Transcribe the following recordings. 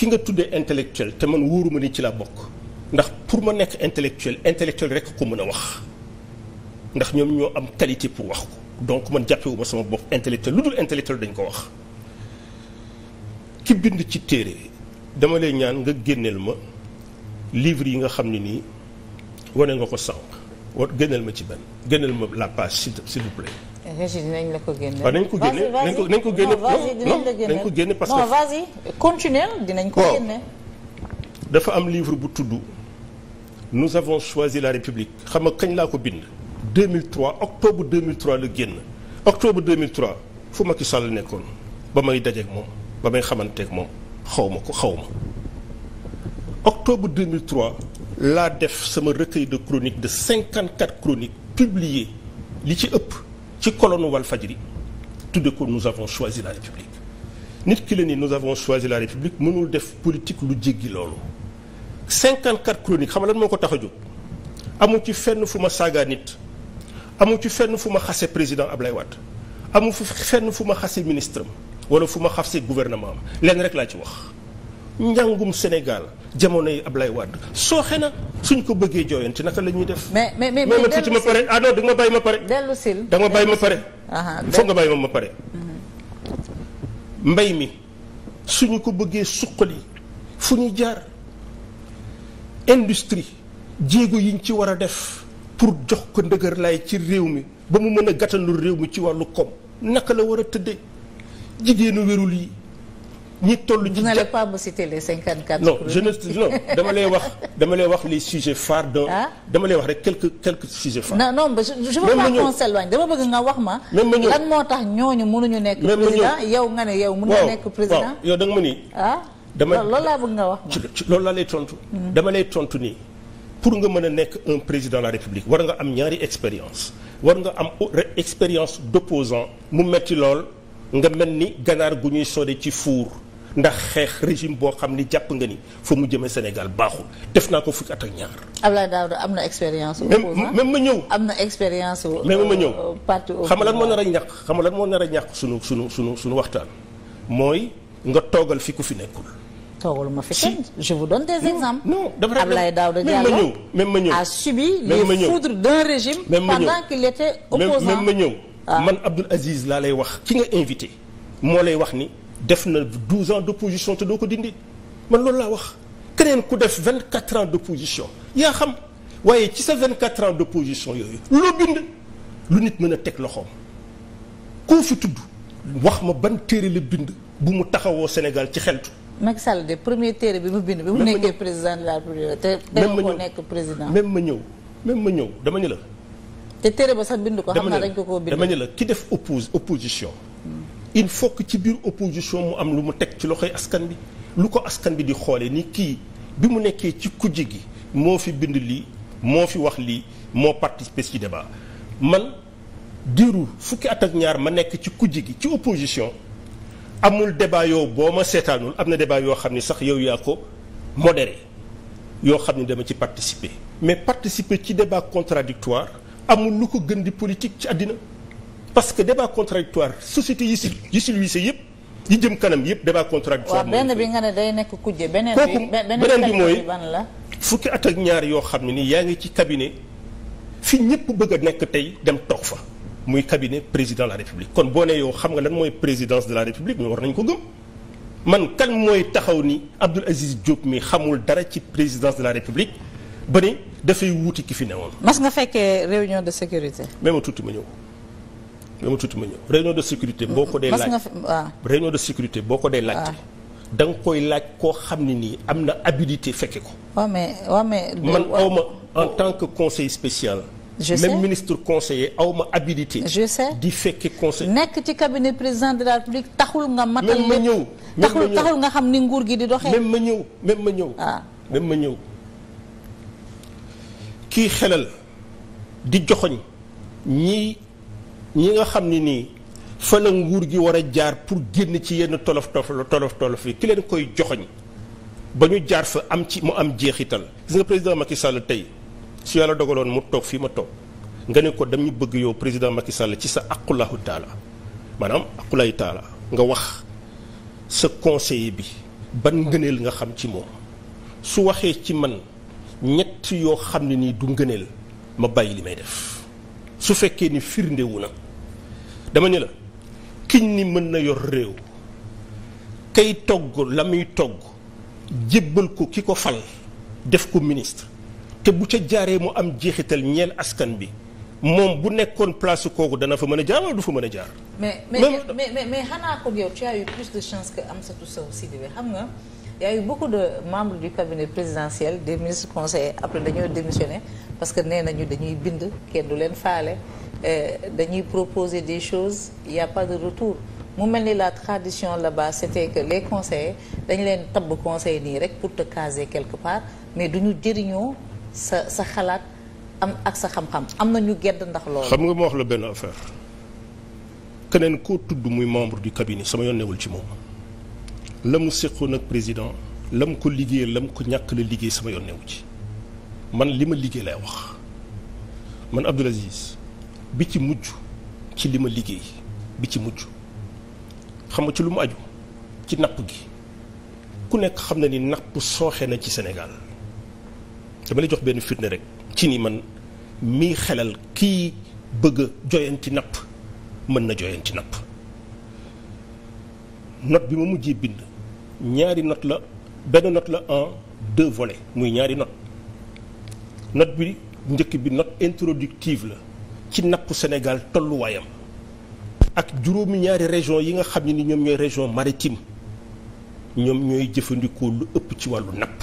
ki nga tuddee intellectuel te man wóoruma ni ci laa bokk ndax pour ma nekk intellectuel intellectuel rek ko mën a wax ndax ñoom ñoo am qualité pour wax ko donc man jàppewuma sama bopp intellectuel lu dul intellectuel dañ ko wax ki bind ci téere dama lay ñaan nga génneel ma livre yi nga xam ne nii wane nga ko sànq wa génneel ma ci benn génneel ma la page s'il vous plaît régie eh, dinañ la ko génne. waaw nañ ko génne nañ ko nañ ko génne non nañ ko génne parce que non vas-y continue dinañ ko génne. dafa am livre bu tudd nous avons choisi la république xam nga kañ laa ko bind. 2003 octobre 2003 la génn octobre 2003 ma ki Sall nekkoon ba may dajeeg moom ba may xamanteeg moom xaw ma ko xaw ma octobre 2003 laa def sama recueil de chroniques de cinquante 54 chroniques publiées li ci ëpp. ci kolonu Walfadjri tudde ko nous avons choisi la république nit ki la ni nous avons choisi la république mënul def politique lu jéggi loolu cinquante chroniques xam nga lan moo ko tax a jóg amu ci fenn fu ma saagaa nit amu ci fenn fu ma xase président Ablaye Wade amu fi fenn fu ma xase ministre am wala fu ma xase gouvernement am lenn rek laa ci wax njàngum Sénégal jamono yi ab Ablaye Wade sooxe na suñ ko bëggee jooyanti naka la ñuy def. mais mais mais mais tuuti ma pare ah non da nga ma bàyyi ma pare. dellu si da nga ma bàyyi ma pare. Ah, ah, nga bàyyi ma ma pare. Mhm. mbay mi suñu ko bëggee suqali fu ñu jaar industrie jéego yiñ ci war a def pour jox ko ndëgër laay ci réew mi ba mu mën a gàttandu réew mi ci wàllu koom naka la war a tëddee jigéenu wérul yi. ñi toll. vous n'allez pas me citer les 54. non je ne non dama lay wax dama lay wax les sujets phares de. Ah? dama lay wax rek quelques quelques sujets phares. non non je je veux pas qu'on s'éloigne dama bëgg nga wax ma. même ma ñëw lan moo tax ñooñu mënuñu nekk. président yow nga ne yow. mën na nekk président waaw yow ma nii. ah loolu laa bëgg nga wax ma ci loolu laa lay tontu. Mm-hmm. dama lay tontu nii. pour nga mën a nekk un président la république war nga am ñaari expérience war nga am expérience d'opposant mu metti lool nga mel ni ganaar gu ñuy sode ci fuur ndax xeex régime boo xam ni jàpp nga ni fa mu jëmee Sénégal baaxul def naa ko fukki at ak ñaar. Abdoulaye am na expérience. même même ma ñëw. am na expérience. même ma ñëw parti xam nga lan moo nar a ñàkk xam nga lan moo nar a ñàkk sunu sunu sunu sunu waxtaan mooy nga toogal fi ku fi nekkul. toogalu ma fi kenn je vous donne des exemples. non dafa ma ñëw même ma ñëw a subi les foudres d'un régime. même ma ñëw pendant qu'il était opposant ma ñëw. Ah. man Abdoul Aziz laa lay wax ki nga invité moo lay wax ni. def na 12 ans d' opposition te doo ko dindi man loolu laa wax keneen ku def vingt 24 ans d' opposition yaa xam waaye ci sa 24 ans d' opposition yooyu loo bind lu nit mën a teg loxoom koo fi tudd wax ma ban téere la bind bu mu taxawoo Sénégal ci xeltu. Macky Sall de premier téere bi mu bind. bi mu nekkee président de la République te teewoo ko nekk président même ma ñëw même ma ñëw dama ñu la. te téere ba sax bind ko xam naa dañ ko koo bind. dama ñu la ki def oppos opposition. il faut que ci biir opposition mu am lu mu teg ci loxo askan bi lu ko askan bi di xoole ni kii bi mu nekkee ci kujje gi moo fi bind lii moo fi wax lii moo participer ci débat man diiru fukki atak ñaar ma nekk ci kujje gi ci opposition amul débat yow boo ma seetaanul am na débat yoo xam ni sax yow yaa ko modéré yoo xam ni dama ci participer mais participer ci débat contradictoire amul lu ko gën di politique ci àddina parce que débat contradictoire société yi si yi si luy yëpp yi jëm kanam yëpp débat contradictoire waaw benn bi nga ne day nekk kujje beneen bi mooy fukki at ak ñaar yoo xam ne ni yaa ngi ci cabinet fi ñëpp bëgg a nekk tey dem toog fa muy cabinet président la république kon boo ne yow xam nga lan mooy présidence de la république ñu war nañ ko gëm man kan mooy taxaw ni Abdoul Aziz Diop mi xamul dara ci présidence de la république ba ni dafay wuuti ki fi newoon mas nga fekkee réunion de sécurité même tuuti ma ñëw même tuuti ma ñëw réunion de sécurité boo ko dee laaj de sécurité boo dee laajte da koy laaj koo xam ne nii am na habilité fekke ko waaw mais waaw mais man awma en tant que conseiller spécial je ministre conseiller awma habilité. je sais di fekke conseil. nekk ci cabinet président de la république taxul nga. matal même ma ñëw taxul nga xam ni nguur gi di doxee. même ma ñëw même ma ñëw. ah ma ñëw. kii xelal di joxoñ ñiy ñi nga xam ne nii fa nguur gi war a jaar pour génn ci yenn tolof tolof tolof yi ki leen koy joxoñ ba ñu jaar fa am ci mu am jeexital gis nga président Macky Sall tey su yàlla dogaloon mu toog fii ma toog nga ne ko dam ñu bëgg yow président Macky Sall ci sa aqulaahu taala maanaam aqulaahu taala nga wax sa conseiller bi ban ngëneel nga xam ci moom su waxee ci man ñett yoo xam ne nii du ngëneel ma bàyyi li may def su fekkee ni firndewu na dama ne la kiñ ni mën na yor réew kay togg la muy togg jébbal ko ki ko fal def ko ministre te bu ca jaaree mu am jeexital ñeel askan bi moom bu nekkoon place kooku dana fa mën a jaar wala du fa mën a jaar. mais mais mais mais xanaa ko yow tu as plus de chance que Amsatou Sow Sidibé xam nga. y a de membre du cabinet présidentiel des ministres conseil après dañoo démissionné parce que nee nañu dañuy bind kenn du leen faale euh, dañuy proposer des chose il y a pas de retour mu mel ni la tradition là-bas c'était que les conseillers dañu leen tab conseil nii rek pour te caser quelque part mais du ñu jëriñoo sa sa xalaat am ak sa xam-xam am na ñu gedd ndax loolu. xam nga ma wax la benn affaire keneen koo tudd muy membre du cabinet sama yoon ci moom. la mu séqoon ak président la mu ko liggéey la mu ko ñàkk la liggéey sama yoon newu ci man li ma liggéey lay wax man Abdoul Aziz bi ci mujj ci li ma liggéey bi ci mujj xam nga ci lu mu aju ci napp gi ku nekk xam na ni napp sooxe na ci Sénégal dama lay jox benn fitne rek ci ni man mii xelal kii bëgg a joyanti napp mën na joyanti napp note bi ma mujjee bind ñaari not la benn not la en deux volets muy ñaari note note bi njëkk bi note introductive la ci nappu Sénégal tolluwaayam ak juróomi ñaari région yi nga xam ne ni ñoom ñooy région maritime ñoom ñooy jëfandikoo lu ëpp ci wàllu napp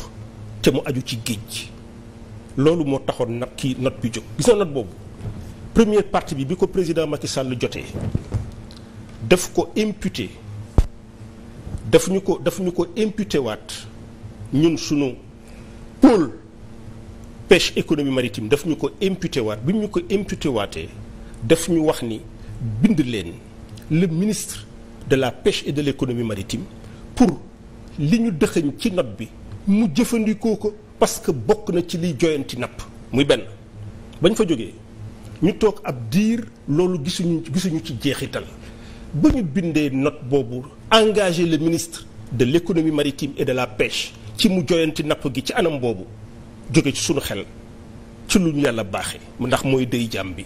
te mu aju ci géej gi loolu moo taxoon nag kii note bi jóg gis na boobu première partie bi bi ko président Macky la jotee daf ko imputé daf ñu ko daf ñu ko imputé waat ñun sunu pôle peche économie maritime daf ñu ko imputé waat bi ñu ko imputé waatee daf ñu wax ni bind leen le ministre de la pêche et de l'économie maritime pour li ñu dëxëñ ci napp bi mu jëfandikoo ko parce que bokk na ci liy joyanti napp muy benn bañ fa jógee ñu toog ab diir loolu gisuñu gisuñu ci jeexital ba ñu bindee note boobu engagé le ministre de l'économie maritime et de la pêche ci mu joyanti napp gi ci anam boobu jóge ci sunu xel ci lu ñu yàlla baaxee ndax mooy dey jàmm bi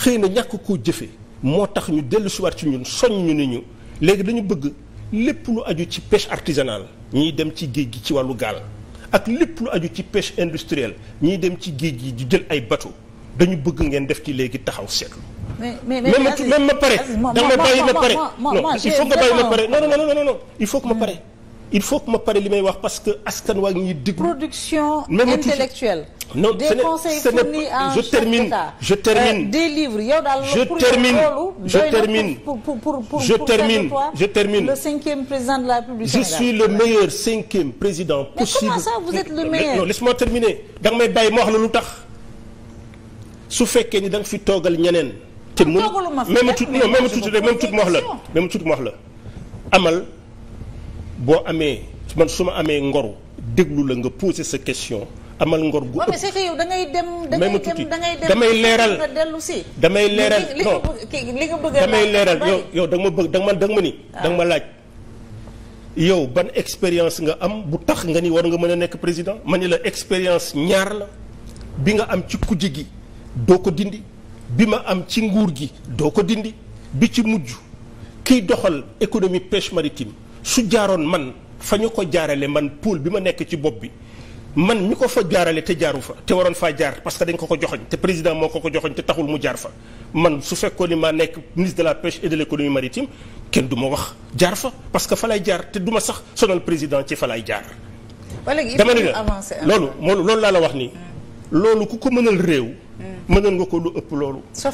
xëy na ñàkk koo jëfe moo tax ñu dellu siwaat ci ñun soññ ñu ni ñu léegi dañu bëgg lépp lu aju ci pêche artisanale ñiy dem ci géej gi ci wàllu gaal ak lépp lu aju ci pêche industrielle ñiy dem ci géej gi di jël ay bateau dañu bëgg ngeen def ci léegi taxaw seetlu mais mais mais même même ma pare. da nga may bàyyi ma pare non il faut que ma bàyyi pare non il faut que ma pare. li may wax parce que askan waa ngi ñuy déglu. production intellectuelle. non des conseils fournis à je termine je euh, termine. des livres yow daal je termine je termine je termine je termine. le cinquième président de la République je suis le meilleur cinquième président possible. mais comment ça vous êtes moi terminer. da nga may wax la lu tax su fekkee ni da nga fi toogal ñeneen. te mën même tuut non même tuut rek même tuut ma wax la même tuut ma wax la amal boo amee man su ma amee ngoru déglu la nga poser sa question amal ngor gu ëpp dangay c'est que yow da ngay dem da ngay dem da ngay dem damay leeral damay leeral non li nga leeral yow yow da ma bëgg da nga ma ni ah. danga ma laaj yow ban expérience nga am bu tax nga ni war nga mën a nekk président man ni la expérience ñaar la bi nga am ci kujje gi doo ko dindi bi ma am ci nguur gi doo ko dindi bi ci mujj kiy doxal économie pêche maritime su jaaroon man fa ñu ko jaarale man pôle bi ma nekk ci bopp bi man ñu ko fa jaarale te jaaru fa te waroon faa jaar parce que dañ ko ko joxoñ te président moo ko ko joxoñ te taxul mu jaar fa man su fekkoon ni maa nekk ministre de la pêche et de l'économie maritime kenn du ma wax jaar fa parce que fa lay jaar te duma sax sonal président ci fa lay jaar dama ne la loolu moolu loolu laa la wax nii hmm. loolu ku ko mënal réew mënoon nga ko lu ëpp loolu